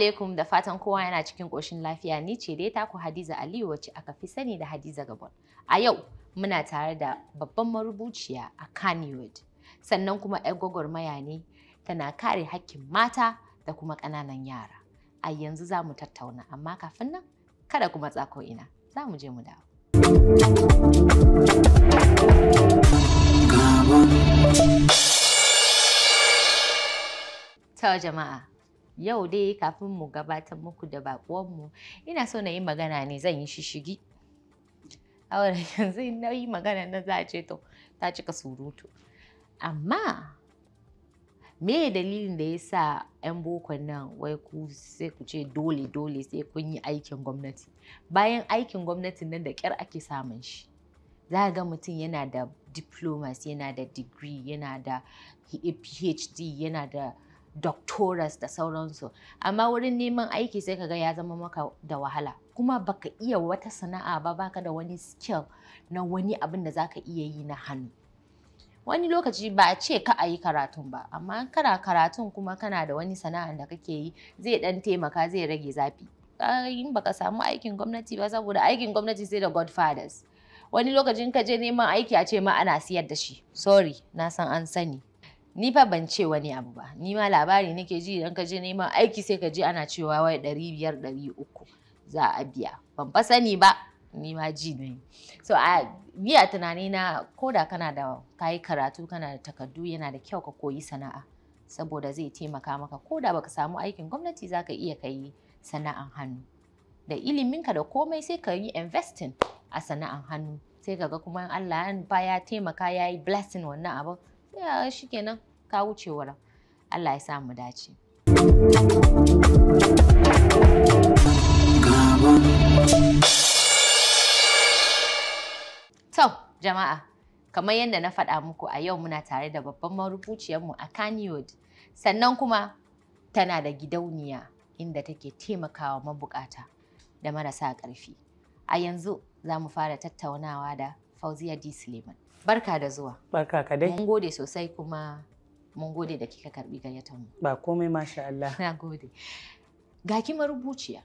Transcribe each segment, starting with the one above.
alaikum da fatan kowa yana cikin ƙoshin lafiya ni ce dai taku Hadiza Aliyu wacce aka fi sani da Hadiza Gabon. A yau muna tare da babban marubuciya a Kannywood sannan kuma 'yar gwagwarmaya ne tana kare hakkin mata da kuma ƙananan yara. A yanzu za mu tattauna amma kafin nan kada kuma tsako ina za mu je mu dawo. Ta jama'a yau dai kafin mu gabatar muku da mu ina so na yi magana ne zan yi shishigi awar yanzu na yi magana na za a ce to ta cika surutu amma me dalilin da ya sa 'yan bokon nan wai ku sai ku ce dole dole sai kun yi aikin gwamnati bayan aikin gwamnati nan da kyar ake samun shi za ga mutum yana da diplomas yana da degree yana da phd yana da doctoras da sauransu amma wurin neman aiki sai kaga ya zama maka da wahala kuma baka iya wata sana'a ba baka da wani skill na wani abin da zaka iya yi na hannu wani lokaci ba a ce ka a yi karatun ba amma kana karatun kuma kana da wani sana'a da kake yi zai dan taimaka zai rage zafi in baka samu aikin gwamnati ba saboda aikin gwamnati sai da godfathers wani lokacin ka je neman aiki a ce ma ana siyar da shi sorry na san an sani ni fa ban ce wani abu ba ni ma labari nake ji idan ka je neman aiki sai ka je ana cewa wai ɗari biyar ɗari uku za a biya ban fa sani ba ni ma ji ne so a biya tunani na ko da kana da kayi karatu kana da takardu yana da kyau ka koyi sana'a saboda zai taimaka maka ko da baka samu aikin gwamnati za ka iya kai sana'an hannu da iliminka da komai sai ka yi investing a sana'an hannu sai ka ga kuma Allah ya ya taimaka ya yi blessing wannan abin ya shi kenan ka wuce wurin Allah ya sa mu dace to jama'a kamar yadda na faɗa muku a yau muna tare da babban marubuciyarmu a Kaniyod sannan kuma tana da gidauniya inda take taimakawa mabukata da marasa ƙarfi a yanzu za mu fara tattaunawa da Fauziya D. Suleiman. Barka da zuwa. Barka ka dai. Mun gode sosai kuma mun gode da kika karbi gayyatar mu. Ba komai masha Allah. Na gode. Ga ki marubuciya.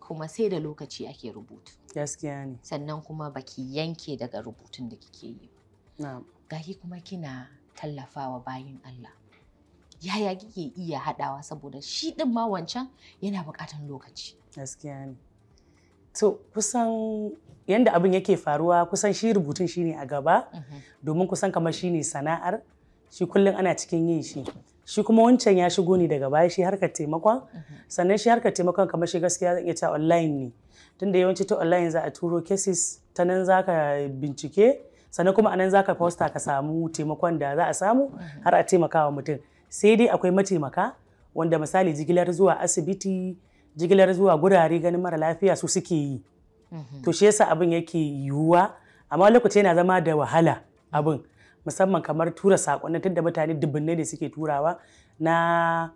Kuma sai da lokaci ake rubutu. Gaskiya ne. Sannan kuma baki yanke daga rubutun da kike yi. Na'am. Ga ki kuma kina tallafawa bayin Allah. yaya kike iya haɗawa saboda shi ɗin ma wancan yana buƙatar lokaci. Gaskiya ne. To kusan yanda abin yake faruwa kusan shi rubutun shine a gaba mhm. domin kusan kamar shi ne sana'ar shi kullum ana cikin yin shi shi kuma wancan ya shigo ne daga baya shi harkar taimakon mhm. sannan shi harkar taimakon kamar shi gaskiya zan iya ta online ne tunda yawanci ta online za a turo cases ta nan za ka bincike sannan kuma anan za ka posta ka samu taimakon da za a samu mhm. har a taimakawa mutum sai dai akwai mataimaka wanda misali jigilar zuwa asibiti jigilar zuwa gurare ganin mara lafiya su suke yi Mm-hmm. to shi yasa abin yake yiwuwa amma lokaci yana zama da wahala abin musamman kamar tura saƙonni tun da mutane dubbinai ne suke turawa na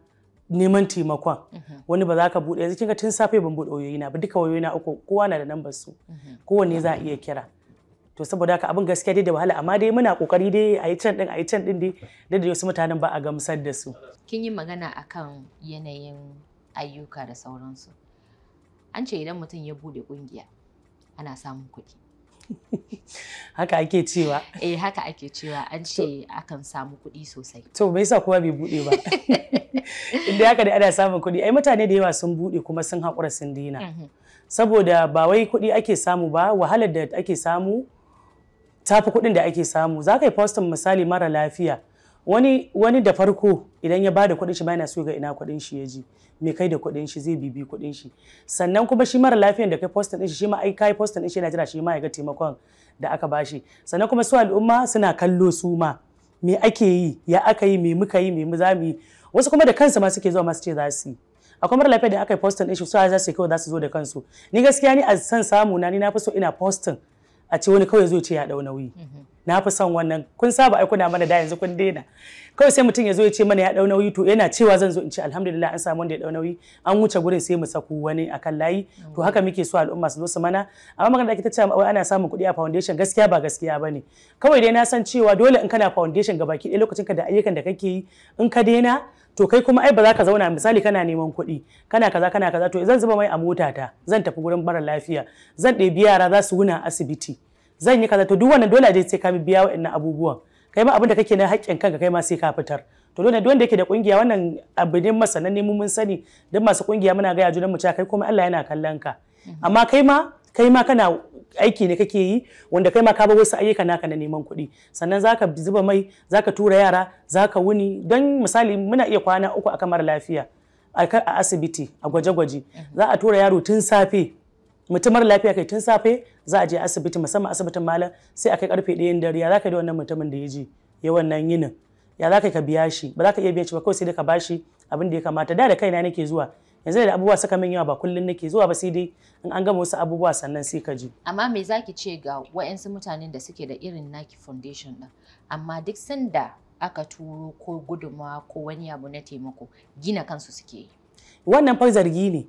neman taimakon mm-hmm. wani ba za ka buɗe yanzu kinga tun safe ban buɗe wayoyina ba duka wayoyina uku kowa na da nambar su mm-hmm. kowanne za a iya kira to saboda haka abin gaskiya dai da wahala amma dai muna kokari dai a yi can din a yi can din dai da da wasu mutanen ba a gamsar da su kin yi magana akan yanayin ayyuka da sauransu an ce idan mutum ya buɗe kungiya ana samun kuɗi. haka ake cewa. Eh haka ake cewa an ce akan samu kuɗi sosai. To bai sa kowa bai buɗe ba. Inda haka da ana samun kuɗi ai mutane da yawa sun buɗe kuma sun haƙura sun dina mhm. Saboda ba wai kuɗi ake samu ba wahalar da ake samu tafi kuɗin da ake samu. Za ka yi postin misali mara lafiya. wani wani da farko idan ya bada kuɗin shi yana so ga ina kuɗin shi ya ji me kai da kuɗin shi zai bibi kuɗin shi sannan kuma shi mara lafiyan da kai postin din shi shi ma ai kai din shi yana jira shi ma ya ga taimakon da aka bashi sannan kuma su al'umma suna kallo su ma me ake yi ya aka yi me muka yi me mu za mu yi wasu kuma da kansu ma suke zuwa ma su ce za su yi akwai mara lafiya da aka yi postin din shi su za su kawai za su zo da kansu ni gaskiya ni a san samu na ni na fi so ina postin a ce wani kawai zo ce ya dau nauyi mhm. na fi son wannan kun saba ai kuna mana da yanzu kun daina kawai sai mutum ya zo ya ce mana ya dau nauyi to yana cewa zan zo in ce alhamdulillah an samu wanda ya dau nauyi an wuce gurin sai mu saku wani akan layi to mhm. haka muke so al'umma su zo su mana amma magana da kita ce wai ana samun kuɗi a foundation gaskiya ba gaskiya bane kawai dai na san cewa dole in kana foundation gabaki ɗaya lokacin ka da ayyukan da kake yi in ka daina to kai kuma ai ba za ka zauna misali kana neman kuɗi kana kaza kana kaza to zan zuba mai a mota ta zan tafi gurin mara lafiya zan ɗebi yara za su wuna asibiti zan yi kaza to duk wannan dole dai sai ka biya wa'annan abubuwan kai ma abin da kake na haƙƙin kanka kai ma sai ka fitar to dole duk wanda yake da kungiya wannan abu ne masanan ne mun sani duk masu kungiya muna gaya junan mu cewa kai kuma Allah yana kallon ka mhm. amma kai ma kai ma kana aiki ne kake yi wanda kai ma ka bar wasu ayyuka naka na neman kuɗi sannan zaka zuba mai zaka tura yara zaka wuni don misali muna iya kwana uku a kamar lafiya a asibiti a gwaje-gwaje mm-hmm. za a tura yaro tun safe mutumar lafiya kai tun safe za a je asibiti musamman asibitin malam sai a kai karfe ɗayan dare ya zaka ka da wannan mutumin da ya je ya wannan yinin ya zaka ka ka biya shi ba za ka iya biya shi ba kawai sai da ka bashi abin da ya kamata da da kaina nake zuwa yanzu da abubuwa suka min yawa ba kullum nake zuwa ba sai dai in an gama wasu abubuwa sannan sai ka ji. amma me zaki ce ga wayansu mutanen da suke da irin naki foundation ɗin, amma duk sanda aka turo ko gudunmawa ko wani abu na taimako gina kansu suke yi wannan fa zargi ne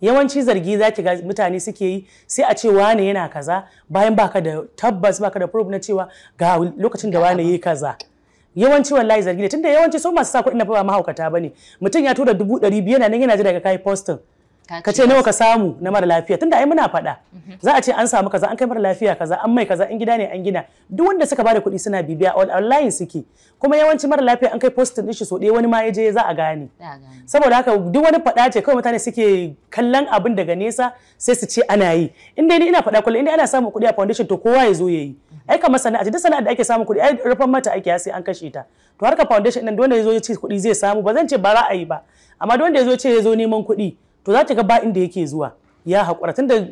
yawanci zargi za ki ga mutane suke yi sai a ce wane yana kaza bayan baka da tabbas baka da proof na cewa ga lokacin da wane yi kaza yawanci wallahi zargi ne tunda yawanci su masu sa kuɗin na ba mahaukata bane mutum ya tura dubu ɗari yana nan yana ji daga kai postin ka ce nawa ka samu na mara lafiya tunda ai muna faɗa mhm. za a ce an samu kaza an kai mara lafiya kaza an mai kaza in gida ne an gina duk wanda suka bada kuɗi suna bibiya online suke kuma yawanci mara lafiya an kai postin din shi so wani ma je za a gane saboda haka duk wani faɗa ce kawai mutane suke kallon abin daga nesa sai su ce ana yi in dai ni ina faɗa kullum in dai ana samun kuɗi a foundation to kowa ya zo yayi mhm. ai kamar sana'a duk sana'a da ake samun kuɗi ai rufan mata ake sai an kashe ta to harka foundation din wanda ya zo ya ce kuɗi zai samu ba zan ce ba ra'ayi ba amma wanda ya zo ce ya zo neman kuɗi to za ta ga ba inda yake zuwa ya haƙura tun da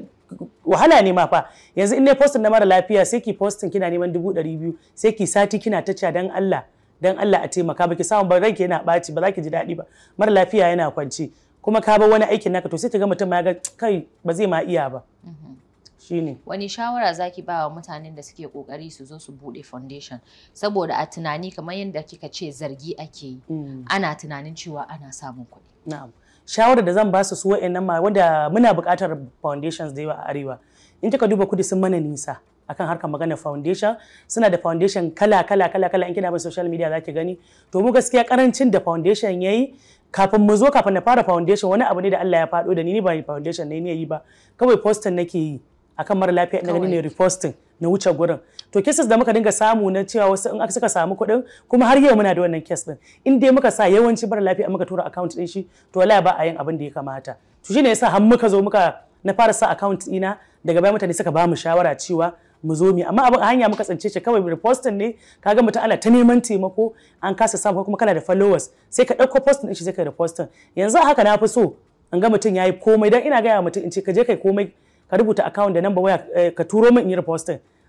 wahala ne ma fa yanzu in ne postin na mara lafiya sai ki postin kina neman dubu ɗari biyu sai ki sati kina ta dan Allah dan Allah a taimaka ki samu ba ranki yana ɓaci ba za ki ji daɗi ba mara lafiya yana kwance kuma ka bar wani aikin naka to sai ta ga mutum ya ga kai ba zai ma iya ba mm-hmm. shine wani shawara zaki ba wa mutanen da suke kokari su zo su bude foundation saboda a tunani kamar yadda kika ce zargi ake yi mm. ana tunanin cewa ana samun kuɗi na'am shawarar da zan ba su su wa'annan ma wanda muna buƙatar foundations da yawa a arewa in kika duba kudi sun mana nisa akan harkar magana foundation suna da foundation kala kala kala kala in kina bin social media zaki gani to mu gaskiya karancin da foundation yayi kafin mu zo kafin na fara foundation wani abu ne da Allah ya faɗo da ni ba foundation ne ne yi ba kawai postin nake yi akan mara lafiya ina gani ne reposting na wuce gurin to cases da muka dinga samu na cewa wasu in suka samu kuɗin kuma har yau muna da wannan case din in dai muka sa yawanci mara lafiya muka tura account din shi to wallahi ba a yin abin da ya kamata to shine yasa har muka zo muka na fara sa account ina daga baya mutane suka ba mu shawara cewa mu zo mu amma abin a hanya muka tsince shi kawai reposting ne kaga mutum ana ta neman taimako an kasa samu kuma kana da followers sai ka ɗauko posting din shi sai ka reposting yanzu haka na fi so in ga mutum yayi komai dan ina gaya mutum in ce ka je kai komai ka rubuta account da number waya eh, ka turo min in yi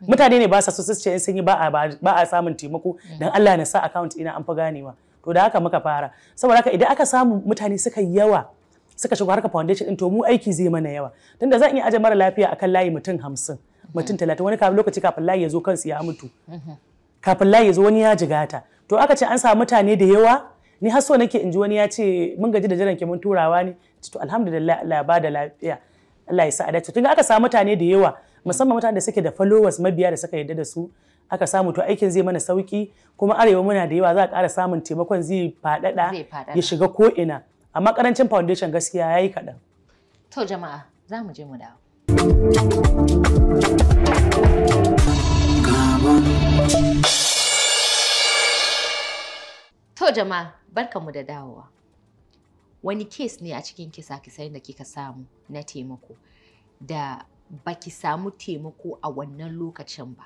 mutane ne ba sa so su ce in sun yi ba a samun taimako dan Allah na sa account ina an fi ganewa to da haka muka fara saboda haka idan aka samu mutane suka yawa suka shigo harka foundation din to mu aiki zai mana yawa tunda zan iya aje mara lafiya akan layi mutum hamsin mutum talatin wani kafin lokaci kafin layi ya zo kansu ya mutu kafin layi ya zo wani ya jigata to aka ce an samu mutane da yawa ni har so nake in ji wani ya ce mun gaji da jiran ke mun turawa ne to alhamdulillah Allah ya bada lafiya Allah ya sa adalci tunda aka samu mutane da yawa musamman mutane da suke da followers mabiya da suka yarda da su aka samu to aikin zai mana sauki kuma arewa muna da yawa za a ƙara samun taimakon zai faɗaɗa ya shiga ko ina amma karancin foundation gaskiya yayi kaɗan. To jama'a za mu je mu dawo. To jama'a barkanmu da dawowa. wani kes ne a cikin kisa kisayen da kika samu na taimako da baki samu taimako a wannan lokacin ba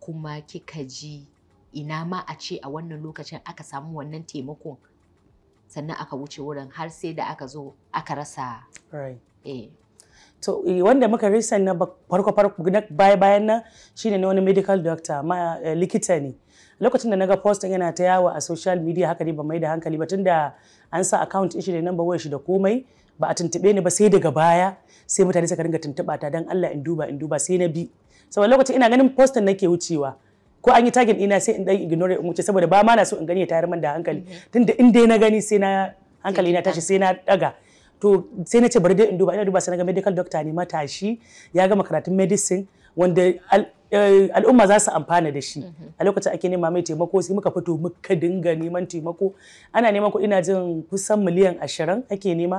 kuma kika ji ina ma a ce a wannan lokacin aka samu wannan taimako sannan aka wuce wurin har sai da aka zo aka rasa right. Eh, to eh, wanda muka recent na farko farko baya bayan nan shine na wani medical doctor ma eh, likita ne lokacin da naga post yana ta yawo a social media haka ne ba mai da hankali ba tunda an sa account shi da number wayar shi da komai ba a tuntube ni ba sai daga baya sai mutane suka dinga tuntuba ta dan Allah in duba in duba sai na bi saboda lokacin ina ganin postin nake wucewa ko an yi tagin ina sai in dan ignore in wuce saboda ba ma na so in gani ya tayar man da hankali mm-hmm. tunda in dai na gani sai na hankali na tashi sai na daga to sai na ce bari dai in duba ina duba sai na medical doctor ne matashi ya gama karatun medicine wanda eh, al'umma za su amfana da shi mm-hmm. a lokacin ake nema mai taimako sai muka fito muka dinga neman taimako ana neman kuɗi na jin kusan miliyan ashirin ake nema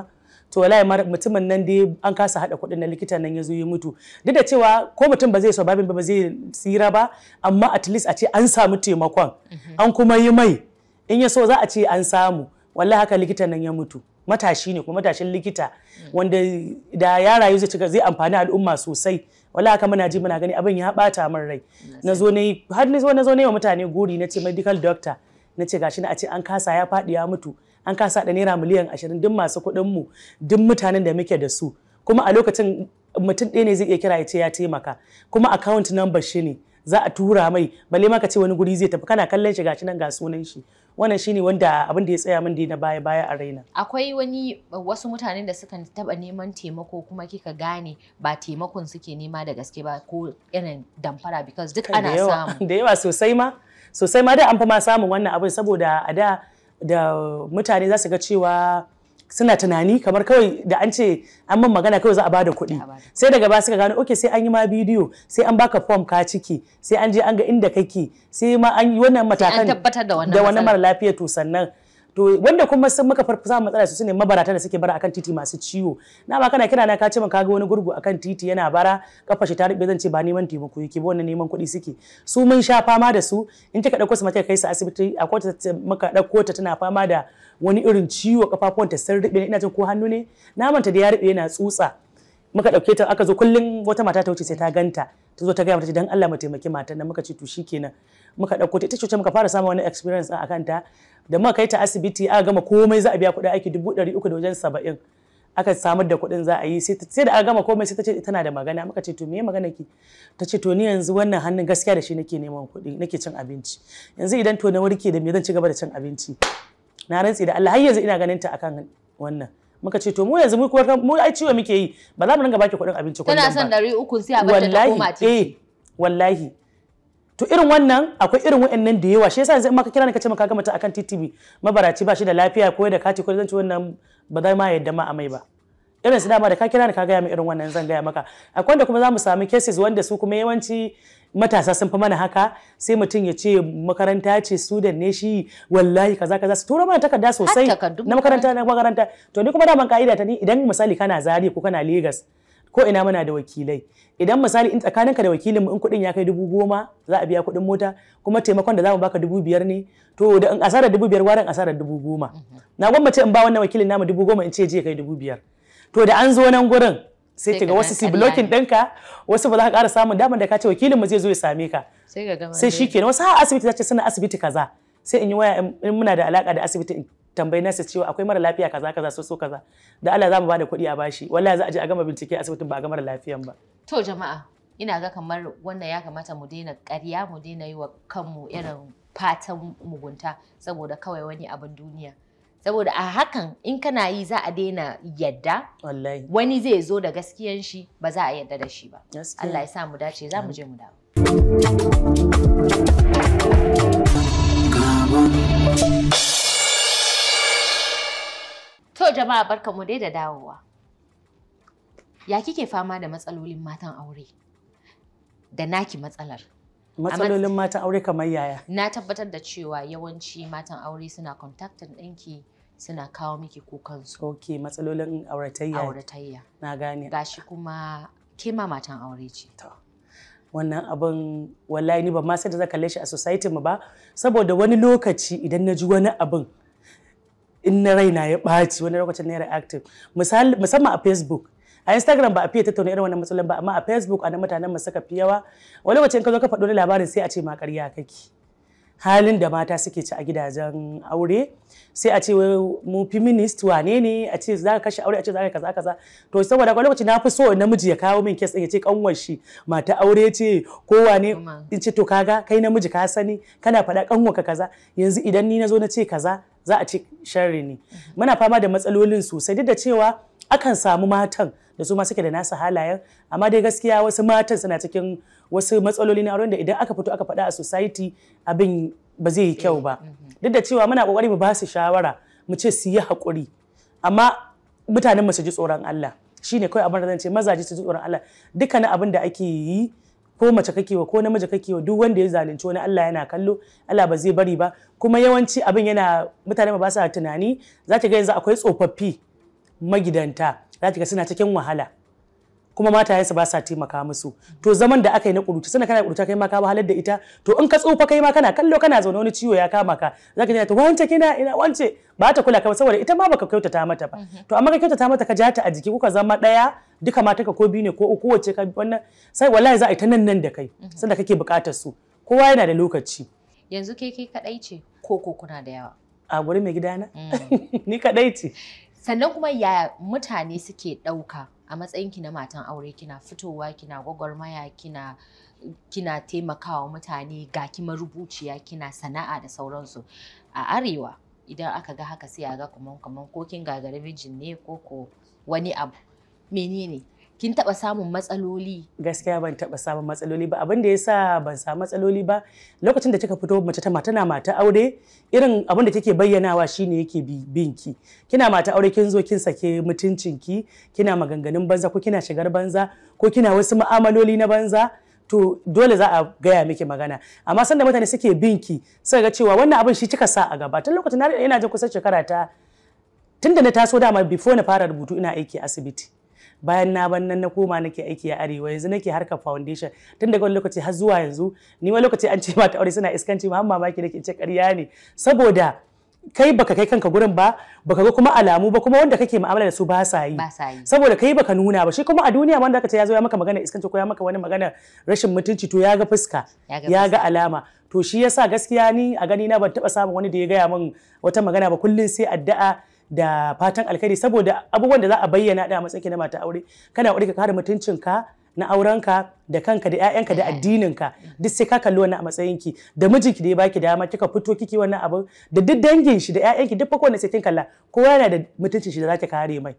to wallahi mutumin nan dai an kasa hada kuɗin na likita nan ya zo ya mutu duk da cewa ko mutum ba zai so babin ba zai tsira ba amma at least a ce an samu taimakon mm-hmm. an kuma yi mai in ya so za a ce an samu wallahi haka likitan nan ya mutu matashi ne kuma matashin likita mm. wanda da ya rayu zai zai amfani al'umma sosai wala haka muna ji muna gani abin ya bata min rai na zo ne na na zo wa mutane guri na ce medical doctor na ce gashi na a ce an kasa ya faɗi ya mutu an kasa da naira miliyan ashirin duk masu kuɗin mu duk mutanen da muke da su kuma a lokacin mutum ɗaya ne zai iya kira ya ce ya taimaka kuma account number shi ne za a tura mai balle ma ka ce wani guri zai tafi kana kallon shi gashi nan ga sunan shi wannan shine wanda abin da ya tsaya min da na baya baya a raina akwai wani wasu mutanen da suka taba neman taimako kuma kika gane ba taimakon suke nema da gaske ba ko irin damfara because duk ana samu da yawa sosai ma sosai ma da an fi ma samun wannan abin saboda a da da mutane za su ga cewa suna tunani kamar kawai da an ce an man magana kawai za a bada kuɗi sai daga ba suka gano oke sai an yi ma bidiyo sai an baka fom ka ciki sai an je an ga inda kake sai ma an yi wannan matakan da wannan mara lafiya to sannan to wanda kuma sun muka farfasa samun matsala su ne mabarata da suke bara akan titi masu ciwo na ba kana kira na ka ce man kaga wani gurgu akan titi yana bara kafar ta rube zan ce ba neman taimako yake ba wannan neman kuɗi suke su mun sha fama da su in ka dauko su mace kai su asibiti a kota muka dauko ta tana fama da wani irin ciwo kafafuwan ta sun rube ina jin ko hannu ne ta da ya rube yana tsutsa muka dauke ta aka zo kullun wata mata ta wuce sai ta ganta ta zo ta gaya mata dan Allah mu taimaki matan nan muka ce to shikenan muka dauko ta ita ce muka fara samun wani experience a kanta da ma kai ta asibiti aka gama komai za a biya kuɗi aiki dubu ɗari uku da wajen saba'in aka samar da kuɗin za a yi sai da aka gama komai sai ta ce tana da magana muka ce to me magana ki ta ce to ni yanzu wannan hannun gaskiya da shi nake neman kuɗi nake cin abinci yanzu idan to na warke da me zan ci gaba da cin abinci na rantsi da Allah har yanzu ina ganin ta akan wannan muka ce to mu yanzu mu mu ai ciwo muke yi ba za mu ringa baki kuɗin abinci kullum ba tana son 300 sai a bata ta koma ciki eh, wallahi wallahi to irin wannan akwai irin wa'annan da yawa shi yasa yanzu in maka kira ne ka ce maka gama ta akan TTV mabaraci ba shi da lafiya ko da kati ko zan ci wannan ba zai ma yadda ma amai ba irin su dama da ka kira ni ka gaya min irin wannan zan gaya maka akwai wanda kuma za mu sami cases wanda su kuma yawanci matasa sun fi mana haka sai mutum ya ce makaranta ce student ne shi wallahi kaza kaza su tura mana takarda sosai na makaranta na makaranta to ni kuma daman ka'ida ta ni idan misali kana Zaria ko kana Lagos ko ina muna da wakilai idan misali in tsakaninka da wakilin mu in kuɗin ya kai dubu goma za a biya kuɗin mota kuma taimakon da za mu baka dubu biyar ne to da in asarar dubu biyar warin asarar dubu goma mhm. na ce in ba wannan wakilin namu dubu goma in ce je kai dubu biyar to da an zo nan gurin sai ga wasu si blocking ɗinka wasu ba za ka ƙara samun damar da ka ce wakilin mu zai zo ya same ka sai shi kenan wasu ha asibiti za ce suna asibiti kaza sai in yi waya in muna da alaka da asibiti tambayi nasa cewa akwai mara lafiya kaza kaza so so kaza da Allah za mu bada kuɗi a bashi wallahi za a je a gama bincike asibitin ba a ga mara lafiyan ba to jama'a ina ga kamar wannan ya kamata mu daina ƙarya mu daina yi wa kanmu irin fatan mugunta saboda kawai wani abin duniya saboda a hakan in kana yi za a daina yadda wani zai zo da gaskiyan shi ba za a yadda da shi ba Allah ya sa mu dace za mu je mu dawo To jama'a barkamu dai da dawowa. Ya kike fama da matsalolin matan aure? Da naki matsalar. Matsalolin matan aure kamar yaya? Na tabbatar da cewa yawanci matan aure suna kontaktan ɗinki suna kawo miki su. Ok, matsalolin auratayya. Auratayya. Na gane. Gashi kuma kima matan aure ce. To. wannan abin wallahi ni ba ma sai da zaka lashe a society mu ba saboda wani lokaci idan na ji wani abin in na raina ya ɓaci wani lokacin naira active musamman a facebook a instagram ba a fiye tattauna irin wannan matsalolin ba amma a facebook a na mutanen mu suka fi yawa wani lokacin ka zo ka faɗo labarin sai a ce ma ƙarya kake halin da mata suke ci a gidajen aure sai a ce mu feminist wane ne a ce za ka kashe aure a ce za ka kaza kaza to saboda wani lokaci na fi so namiji ya kawo min kes ya ce kanwar shi mata aure ce ko wane in ce to kaga kai namiji ka sani kana faɗa kanwar ka kaza yanzu idan ni na zo na ce kaza za a ci sharri ne muna fama da matsalolin sosai duk da cewa akan samu matan da su ma suke da nasu halayen amma dai gaskiya wasu matan suna cikin wasu matsaloli na aure. da idan aka fito aka faɗa a society abin ba zai yi kyau ba mm-hmm. Mm-hmm. duk da cewa muna kokari mu ba su shawara mu ce su yi haƙuri amma mutanen mu su ji tsoron Allah shine kawai abin da zan ce mazaje su ji tsoron Allah dukkanin abin da ake yi ko mace kake wa ko namiji kake wa duk wanda ya zalunci wani Allah yana kallo Allah ba zai bari ba kuma yawanci abin yana mutane ba sa tunani za ga yanzu akwai tsofaffi magidanta za ga suna cikin wahala kuma su ba sa taimaka musu to zaman da aka yi na kuruci sana kana kuruta kai ma ka halar da ita to in ka tsufa kai ma kana kallo kana zaune wani ciwo ya kama ka zaka ji ta wance kina ina wance ba ta kula ka saboda ita ma baka kyautata mata ba mhm. to amma ka kyautata mata ka ja ta a jiki kuka zama daya duka mata ka ko biyu ne ko uku wacce ka wannan sai wallahi za a yi ta nan nan da kai mhm. sanda kake bukatar su kowa yana da lokaci yanzu ke ke kadai ce ko ko kuna da yawa a gurin mai gidana mm. ni kadai ce sannan kuma ya mutane suke dauka a matsayin ki na matan aure kina fitowa kina gwagwarmaya kina kina taimakawa mutane ga ki marubuciya kina sana'a da sauransu a arewa idan aka ga haka sai a ga kaman kaman ko kin gagara mijin ne ko ko wani abu menene kin taba samun matsaloli? Gaskiya ban taba samun matsaloli ba abin da ya sa ban samu matsaloli ba lokacin da kika fito mace ta tana mata aure irin abin da kike bayyanawa shine yake binki kina mata aure kin zo kin sake mutuncinki kina maganganun banza ko kina shigar banza ko kina wasu mu'amaloli na banza to dole za a gaya miki magana amma sanda mutane suke binki sai ga cewa wannan abin shi kika sa a gaba tun lokacin na ina jin kusan shekara ta tunda na taso dama before na fara rubutu ina aiki asibiti bayan na ban nan na koma nake aiki a arewa yanzu nake harka foundation tun daga wani lokaci har zuwa yanzu ni wani lokaci an ce ta aure suna iskanci ma mamaki nake ce ƙarya ne saboda kai baka kai kanka gurin ba baka ga kuma alamu ba kuma wanda kake mu'amala da su ba sa yi saboda kai baka nuna ba shi kuma a duniya wanda aka ce ya zo ya maka magana iskanci ko ya maka wani magana rashin mutunci to ya ga fuska ya ga alama to shi yasa gaskiya ni a gani na ban taba samun wani da ya gaya min wata magana ba kullum sai addu'a da fatan alkhairi saboda abubuwan da za a bayyana da a matsayin na mata aure kana ƙoƙari ka kare mutuncinka na aurenka da kanka da 'ya'yanka da addininka duk sai ka kalli wannan a matsayinki da mijinki da ya baki dama kika fito kiki wannan abun. da duk dangin shi da 'ya'yanki duk fa kowanne sai kin kalla kowa yana da mutuncin shi da zaki kare mai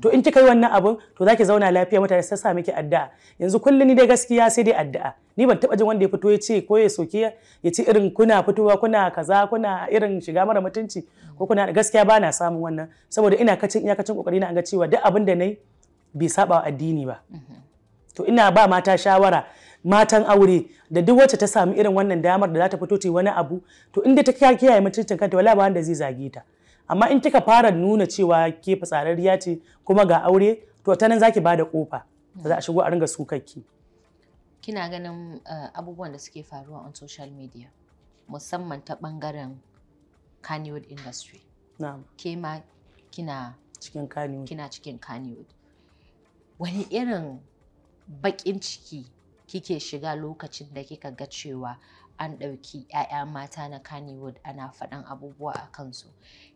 to in kika yi wannan abun to zaki zauna lafiya mutane sai sa miki addu'a yanzu kullum ni dai gaskiya sai dai addu'a ni ban taba jin wanda ya fito ya ce ko ya soke ya ce irin kuna fitowa kuna kaza kuna irin shiga mara mutunci ko kuna gaskiya ba na samun wannan saboda ina kacin iyakacin kokari na ga cewa duk abin da nayi bai saba addini ba to ina ba mata shawara matan aure da duk wacce ta samu irin wannan damar da za ta fito ta wani abu to inda ta kiyaye mutuncin kanta wala ba wanda zai zage ta amma in kika fara nuna cewa ke fitsararriya ce kuma ga aure to ta nan zaki bada kofa za a shigo a ringa sukakki kina ganin eh, abubuwan da suke faruwa on social media musamman ta bangaren Kannywood industry na'am ke ma kina cikin Kannywood kina cikin Kannywood wani irin bakin ciki kike shiga lokacin da kika ga cewa an ɗauki 'ya'ya mata na Kannywood ana faɗan abubuwa a kansu.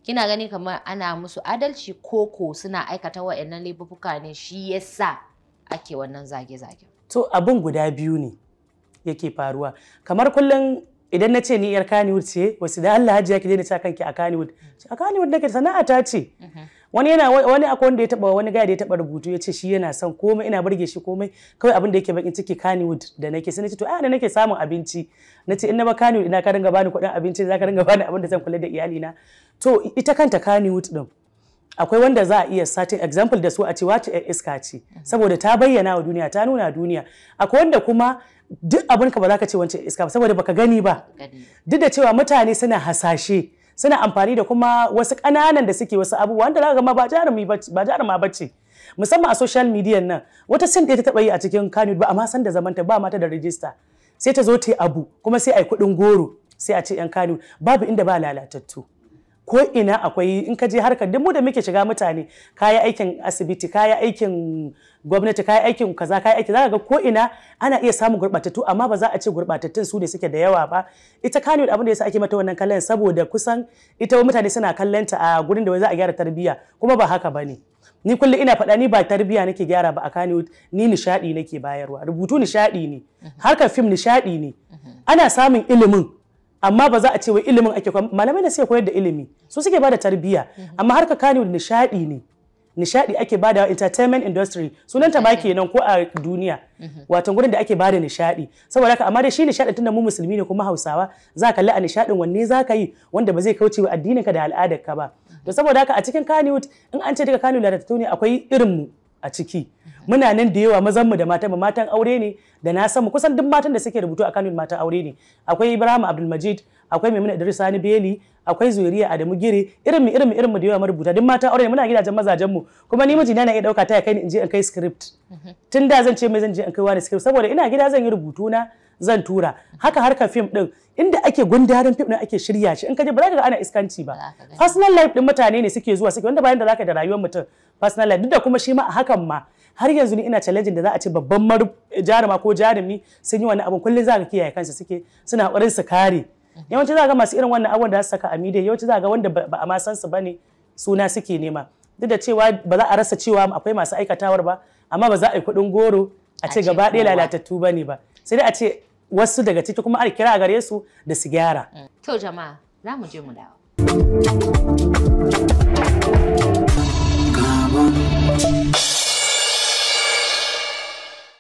Kina gani kamar ana musu adalci koko suna aikata wa'annan laifuka ne shi ya sa ake wannan zage-zage. To abin guda biyu ne yake faruwa. Kamar kullum idan na ce ni yar Kaniwood ce wasu da Allah hajiya ki daina sa kanki a Kaniwood. a Kaniwood nake sana'a ta ce mhm. wani yana wani akwai wanda ya taba wani gaya da ya taba rubutu ya ce shi yana son komai ina burge shi komai kawai abin da yake bakin ciki Kaniwood da nake sai ce to ai da nake samun abinci Na ce in na ba kaniwood ina ka dinga bani kuɗin abinci za ka dinga bani abin da zan kula da iyalina to ita kanta Kaniwood din akwai wanda za a iya satin example da su a ce wace iska ce mhm. saboda ta bayyana wa duniya ta nuna duniya akwai wanda kuma duk abin ka ba za ka ce wancan iska ba saboda baka gani ba duk da cewa mutane suna hasashe suna amfani da kuma wasu ƙananan da suke wasu abubuwa wanda za ka ma ba jarumi ba ce musamman a social media nan wata sin ɗaya ta taɓa yi a cikin Kano ba amma san da zamanta ba mata da rijista sai ta zo ta yi abu kuma sai a yi kuɗin goro sai a ce 'yan Kano babu inda ba lalatattu ko ina akwai in ka je harkar duk mu da muke shiga mutane kayi aikin asibiti kayi aikin gwamnati kayi aikin kaza kayi aiki zaka ga ko ina ana iya samun gurbatattu amma ba za a ce gurbatattun su ne suke da yawa ba ita kano abin da yasa ake mata wannan kallon saboda kusan ita mutane suna kallon ta a gurin da wai za a gyara tarbiyya kuma ba haka bane ni kulli ina faɗa ni ba tarbiyya nake gyara ba a kano ni nishadi nake bayarwa rubutu nishadi ne harkar fim nishadi ne ana samun ilimin amma ba za a ce wai ilimin ake kwa malamai na sai koyar da ilimi su suke bada tarbiyya amma harka kani nishadi ne nishadi ake bada entertainment industry sunan sunanta ke nan ko a duniya wato gurin da ake bada nishadi saboda haka amma dai shi nishadi tunda mu musulmi ne kuma Hausawa za ka a nishadin wanne za ka yi wanda ba zai kauce wa addinin ka da al'adar ka ba to saboda haka a cikin Kannywood in an ce daga Kannywood da ne akwai irin mu a ciki muna nan da yawa mazanmu da matanmu matan aure ne da na samu kusan duk matan da suke rubutu a kanun matan aure ne akwai ibrahim abdulmajid akwai maimuna idris sani beli akwai zuriya adamu gire irin mu irin mu irin mu da yawa marubuta duk matan aure ne muna gidajen mazajen mu kuma ni mijina na iya dauka ta kai ni in je in kai script mhm. tun da zan ce mai zan je in kai wani script saboda ina gida zan yi rubutu na zan tura haka harka fim din inda ake gundarin fim din ake shirya shi in ka je ba za ka ga ana iskanci ba personal life din mutane ne suke zuwa suke wanda bayan da zaka da rayuwar mutum personal life duk da kuma shi ma a hakan ma har yanzu ni ina challenge da za a ce babban jarima ko jarumi sun yi wani abu kullum za ka kiyaye kansa suke suna ƙoƙarin su kare mhm. yawanci za ga masu irin wannan abubuwan da su saka a media yawanci za ga wanda ba a ma san su bane suna suke nema duk da cewa ba za a rasa cewa akwai masu aikatawar ba amma ba za a yi kuɗin goro a ce gaba ɗaya lalatattu ba ne ba sai dai a ce wasu daga ciki kuma a kira gare su da su gyara. To jama'a za mu je mu dawo.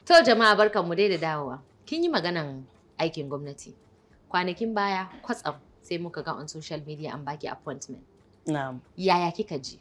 To jama'a barkan mu dai da dawowa. Kin yi maganan aikin gwamnati. Kwanakin baya kwatsam sai muka ga on social media an baki appointment. Na'am. Yaya kika ji?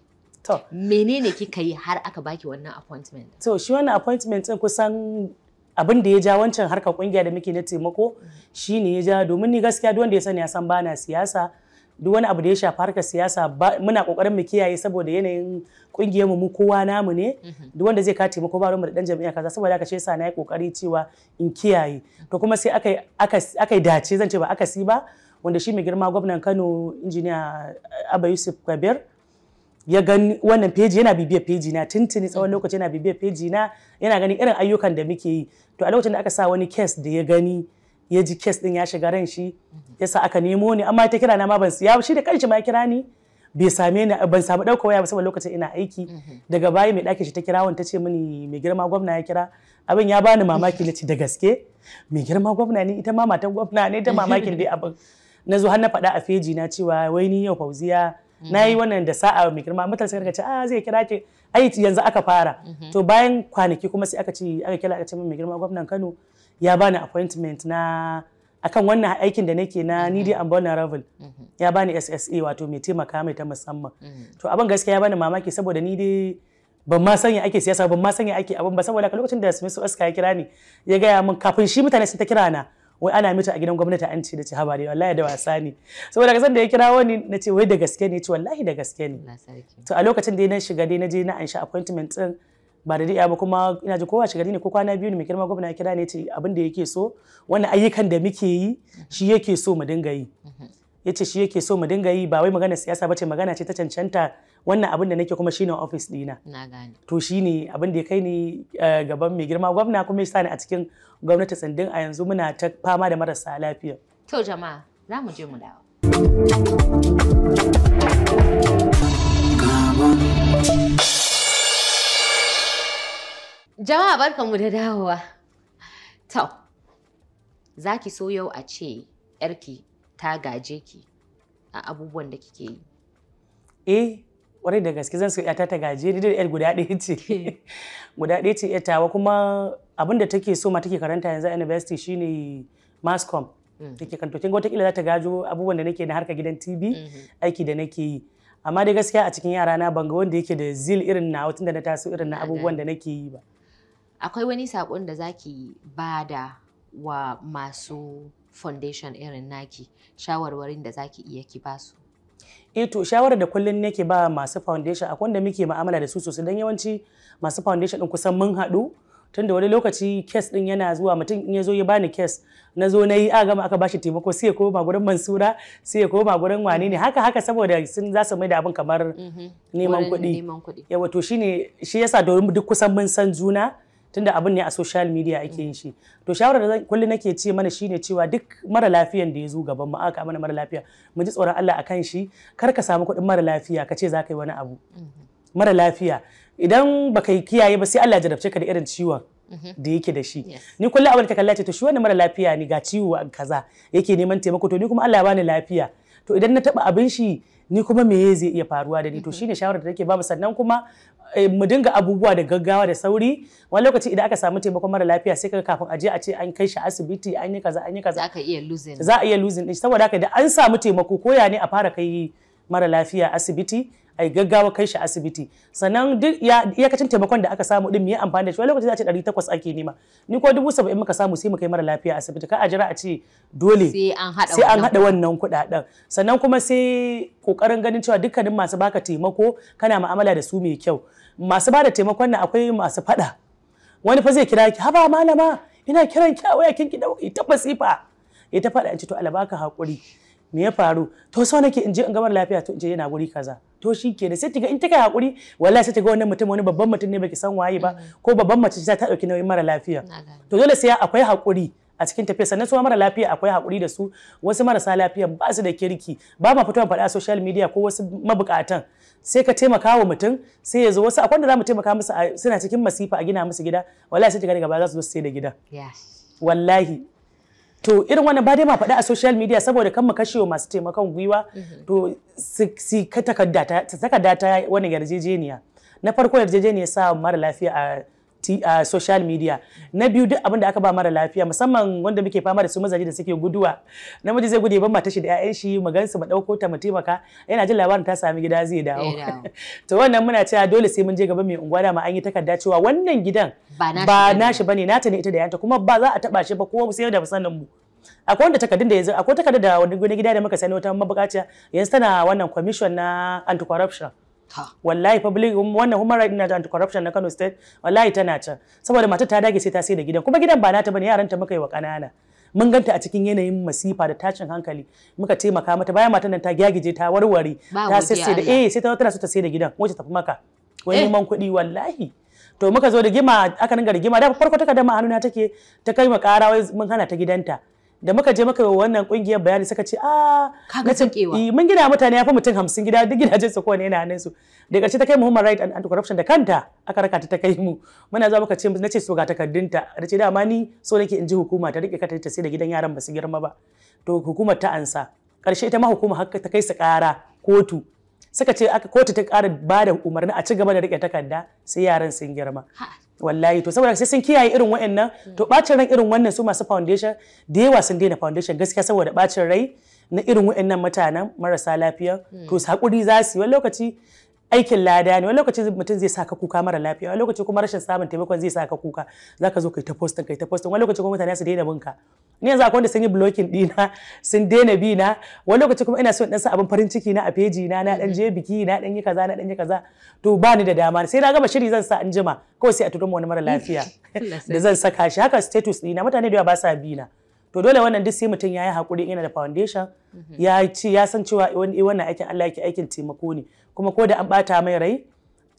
Menene kika yi har aka baki wannan appointment? To shi wannan appointment ɗin kusan abin da ya ja wancan harkar kungiya da muke na taimako shine ya ja domin ni gaskiya duk wanda ya sani ya san bana siyasa duk wani abu da ya shafi harkar siyasa muna kokarin mu kiyaye saboda yanayin kungiyar mu mu kowa namu ne mhm. duk wanda zai ka taimako ba mu da dan jami'a kaza saboda haka shi yasa na yi kokari cewa in kiyaye to kuma sai aka aka dace zan ce ba aka si ba wanda shi mai girma gwamnan Kano injiniya Abba Yusuf Kabir ya gani wannan feji yana bibiyar feji na tuntuni tsawon lokaci yana bibiyar feji na yana gani irin ayyukan da muke yi to a lokacin da aka sa wani kes da ya gani ya ji kes din ya shiga ran shi yasa aka nemo ni amma ta kira na ma ban siya shi da kanshi ma ya kira ni bai same ni ban samu dauka waya ba saboda lokacin ina aiki daga baya mai dakin shi ta kira ta ce mini mai girma gwamna ya kira abin ya bani mamaki na ce da gaske mai girma gwamna ne ita ma matan gwamna ne ta mamakin dai abin na zo har na faɗa a feji na cewa wai ni yau fauziya Mm-hmm. na yi wannan da sa'a mai girma mutane suka ce a ah, zai kira ki ai yanzu aka fara mm-hmm. to bayan kwanaki kuma sai aka ce aka kira aka ce mai girma gwamnan Kano ya bani appointment na akan wannan aikin da nake na mm-hmm. needy and vulnerable ya bani SSA wato mai taimaka mai ta musamman to abin gaskiya ya bani mamaki saboda ni dai ban ma sanya ake siyasa ban ma sanya ake abin ba saboda lokacin da Smith Oscar ya kira ni ya gaya mun kafin shi mutane sun ta kira na wai ana mita a gidan gwamnati an ce da ce haba ne wallahi da wasa ne saboda kasan da ya kira wani na ce wai da gaske ne ce wallahi da gaske ne to a lokacin da na shiga dai na je na anshi appointment din ba da dai ba kuma ina ji kowa shiga ne ko kwana biyu ne mai kirma gwamnati ya kira ne ce abin da yake so wani ayyukan da muke yi shi yake so mu dinga yi mhm. ya ce shi yake so mu dinga yi ba wai magana siyasa ba ce magana ce ta cancanta wannan abin da nake kuma shine ofis dina to shine abin da ya kai ni eh, gaban mai girma gwamna kuma ya ni a cikin gwamnati sandin a yanzu muna ta fama da marasa lafiya to jama'a za mu je mu dawo Jama'a barkanmu da dawowa. To, zaki so yau a ce ‘yarki ta gaje ki a abubuwan da kike yi eh kwarai da gaske zan so yata ta gaje da yar guda ɗaya ce guda ɗaya ce yatawa kuma abin da take so ma take karanta yanzu a university shine mass com mm. take kanto kin ga wata za ta gajo abubuwan da nake na harka gidan TV mm-hmm. aiki da nake yi amma dai gaskiya a cikin yara na banga wanda yake da zil irin na da na taso irin na abubuwan da nake yi ba akwai wani sakon da zaki bada wa masu foundation irin naki shawarwarin da zaki iya ki su. eh to shawarar da kullun nake ba masu foundation akwai wanda muke mu'amala da su sosai dan yawanci masu foundation din kusan mun haɗu tunda wani lokaci kes din yana zuwa mutum in ya zo ya bani kes na zo na yi a gama aka bashi taimako sai ya koma gurin mansura sai ya koma gurin wani ne haka haka saboda sun za su mai da abin kamar mhm. neman kuɗi yawa to shine shi yasa domin duk kusan mun san juna tunda abin ne a social media ake yin mm. shi to shawarar da kulli nake ce mana shine cewa duk mara lafiyan da ya zo gaban mu aka mana mara lafiya mu ji tsoron Allah akan shi kar ka samu kuɗin mara lafiya ka ce za ka yi wani abu mm-hmm. mara lafiya idan baka yi kiyaye ba sai Allah ya jarabce ka da irin ciwon mm-hmm. da yake da shi ni kulli abin da kalla ce to shi wani mara lafiya ne ga ciwo kaza yake neman taimako to ni kuma Allah ya bani lafiya to idan na taba abin shi ni kuma me zai iya faruwa da ni to mm-hmm. shine shawarar da take bamu sannan kuma Eh, mu dinga abubuwa da gaggawa da sauri wani lokaci idan aka samu taimakon mara lafiya sai kaga kafin aje a ce an kai shi asibiti an yi kaza an yi kaza za ka iya losing za a iya losing din saboda haka da an samu taimako koya ne a fara kai mara lafiya asibiti yi gaggawa kai shi asibiti sannan duk iyakacin taimakon da aka samu din me ya amfani da shi wani lokaci za a ce takwas ake nema ni ko dubu saba'in muka samu sai mu kai mara lafiya asibiti ka a jira a ce dole sai an haɗa wannan kuɗaɗen sannan kuma sai ƙoƙarin ganin cewa dukkanin masu baka taimako kana ma'amala da su mai kyau masu bada taimakon na akwai masu faɗa wani fa zai kira ki haba malama ina kiran ki a waya kin ki dauki ita masifa faɗa in ce to alabaka hakuri me ya faru to sau nake in je in gamar lafiya to in je yana guri kaza to shi ke sai tiga in taka hakuri wallahi sai tiga wannan mutum wani babban mutum ne baki san waye ba mm. ko babban mace ta dauki nauyin mara lafiya to dole sai akwai hakuri a cikin tafiya sannan su mara lafiya akwai hakuri da su wasu marasa lafiya ba su da kirki ba ma fitowa faɗa a social media ko wasu mabukatan sai ka taimaka wa mutum sai ya zo wasu akwai da za mu taimaka musu suna cikin masifa a gina musu gida wallahi sai tiga daga ba za su zo sai da gida wallahi to irin wannan ba dai ba faɗa a social media saboda kan mu masu taimakon gwiwa mhm. to su takarda ta wani yarjejeniya na farko yarjejeniya sa mara lafiya a a social media na biyu duk abinda aka ba mara lafiya musamman wanda muke fama da su mazaje da suke guduwa namiji zai gude ban mata shi da ƴaƴan shi mu su mu dauko ta mu taimaka yana jin labarin ta sami gida zai dawo to wannan muna cewa dole sai mun je gaba mai unguwa da ma an yi takarda cewa wannan gidan ba nashi bane nata ne ita da yanta kuma ba za a taba shi ba kuma sai da sanin mu akwai wanda takardun da yanzu akwai takardar da wani gida da muka sani wata mabukaciya yanzu tana wannan commission na anti corruption wallahi public wannan human right na anti corruption na Kano state wallahi tana can saboda matar ta dage sai ta sai da gidan kuma gidan ba nata bane yaran ta muka yi wa kanana mun ganta a cikin yanayin masifa da tashin hankali muka taimaka mata bayan matan nan ta gyagije ta warware ta sai da eh sai ta tana so ta sai da gidan wace tafi maka wani eh. neman kuɗi wallahi to muka zo da gima aka ringa rigima da farko takardar ma hannuna take ta kai ma ƙara mun hana ta gidanta da muka je muka wannan kungiyar bayani suka ce a ah, kaga tankewa eh, mun gina mutane ya fi mutum hamsin gida duk gidajen su kowane yana hannun su da ƙarshe ta kai mu human right and anti corruption da kanta aka raka ta ta kai mu muna zuwa muka ce na ce so ga takardunta da ce dama ni so nake in ji hukuma ta rike ta sai da gidan yaran ba su girma ba to hukumar ta ansa ƙarshe ita ma hukuma har ta kai su ƙara kotu suka ce aka kotu ta ƙara ba da umarni a ci gaba da rike takarda sai yaran sun girma wallahi to saboda sai sun kiyaye irin wa'annan hmm. to bacin ran irin wannan su masu foundation da yawa sun daina foundation gaskiya saboda bacin rai na irin wa'annan mutanen marasa lafiya hmm. to hakuri za su yi wani lokaci aikin lada ne wani lokaci mutum zai saka kuka mara lafiya wani lokaci kuma rashin samun taimakon zai saka kuka zaka zo kai ta postin kai ta postin wani lokaci kuma mutane su daina binka ni yanzu akwai wanda sun yi blocking dina sun daina bi na wani lokaci kuma ina so in dan sa abin farin ciki na a peji na na dan je biki na dan yi kaza na dan yi kaza to ba ni da dama sai na gama shiri zan sa in jima kawai sai a turo wani mara lafiya da zan saka shi haka status dina mutane da yawa ba sa bi na to dole wannan duk sai mutum ya yi hakuri ina da foundation mhm. ya ci ya san cewa wannan aikin Allah yake aikin taimako ne kuma ko da an bata mai rai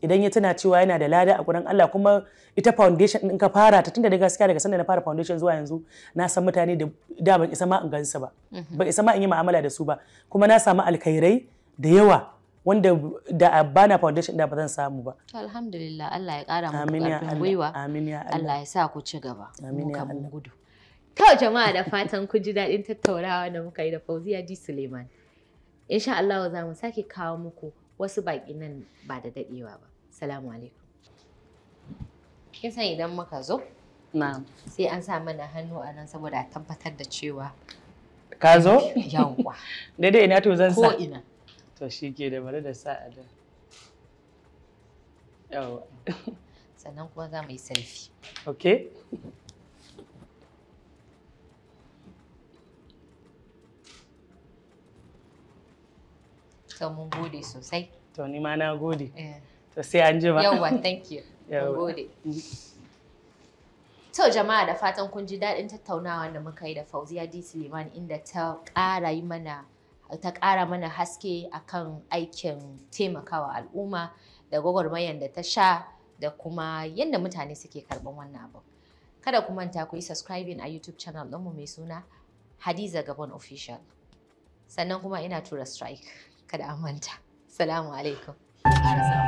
idan ya tana cewa yana da lada a gurin Allah kuma ita foundation in ka fara ta tunda da gaskiya daga sanda na fara foundation zuwa yanzu na san mutane da da ban isa ma in gansu ba mhm. ban isa ma in yi mu'amala da su ba kuma na samu alkhairai da yawa wanda da bana foundation da ba zan samu ba alhamdulillah Allah ya kara muku karfin gwiwa Amin ya Allah ya sa ku ci gaba mu ya Allah gudu to jama'a da fatan ku ji dadin tattaunawa da muka yi da Fauziya Di Suleiman insha Allah za mu sake kawo muku wasu baƙi nan ba da daɗewa ba. Salamu alaikum. Kin san idan muka zo? Na. Sai an sa mana hannu a nan saboda a tabbatar da cewa Ka zo? Yawwa. Daidai ina to zan sa. Ko ina. To shi ke da bari da sa a da. Yawwa. Sannan kuma za mu yi selfie. Okay. To mun gode sosai. To ni ma na gode. Eh. To sai an ba. Yawwa, thank you. Mun gode. To jama'a da fatan kun ji daɗin tattaunawa da muka yi da Fauziya D. Suleiman inda ta ƙara yi mana ta ƙara mana haske akan aikin taimakawa al'umma da gwagwarmayar da ta sha da kuma yadda mutane suke karɓar wannan abu. Kada ku manta ku yi subscribing a YouTube channel ɗinmu mai suna Hadiza Gabon Official. Sannan kuma ina tura strike. kada a manta salamu alaikum